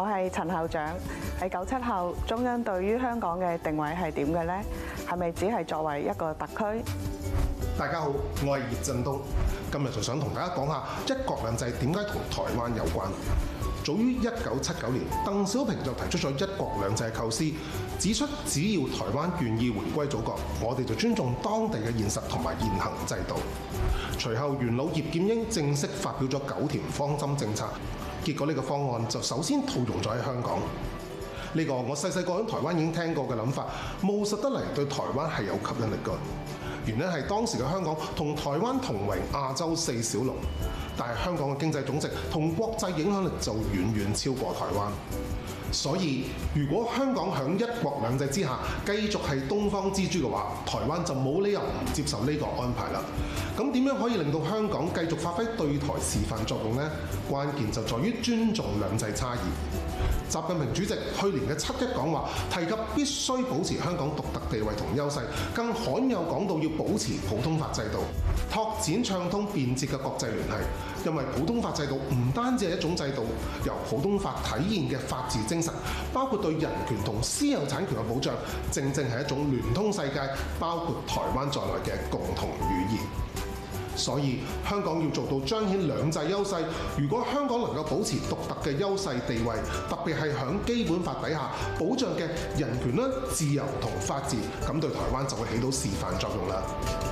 我係陳校長，喺九七後中央對於香港嘅定位係點嘅呢？係咪只係作為一個特區？大家好，我係葉振東。今日就想同大家講下一國兩制點解同台灣有關。早於一九七九年，鄧小平就提出咗一國兩制構思，指出只要台灣願意回歸祖國，我哋就尊重當地嘅現實同埋現行制度。隨後，元老葉劍英正式發表咗九條方針政策。結果呢個方案就首先套用咗喺香港，呢個我細細個喺台灣已經聽過嘅諗法，務實得嚟對台灣係有吸引力㗎。原因係當時嘅香港同台灣同為亞洲四小龍，但係香港嘅經濟總值同國際影響力就遠遠超過台灣。所以，如果香港響一國兩制之下繼續係東方之珠嘅話，台灣就冇理由唔接受呢個安排啦。咁點樣可以令到香港繼續發揮對台示範作用呢？關鍵就在於尊重兩制差異。習近平主席去年嘅七一講話提及必須保持香港獨特地位同優勢，更罕有講到要保持普通法制度，拓展暢通便捷嘅國際聯繫，因為普通法制度唔單止係一種制度，由普通法體現嘅法治精。包括對人權同私有產權嘅保障，正正係一種聯通世界，包括台灣在內嘅共同語言。所以香港要做到彰顯兩制優勢，如果香港能夠保持獨特嘅優勢地位，特別係響基本法底下保障嘅人權啦、自由同法治，咁對台灣就會起到示範作用啦。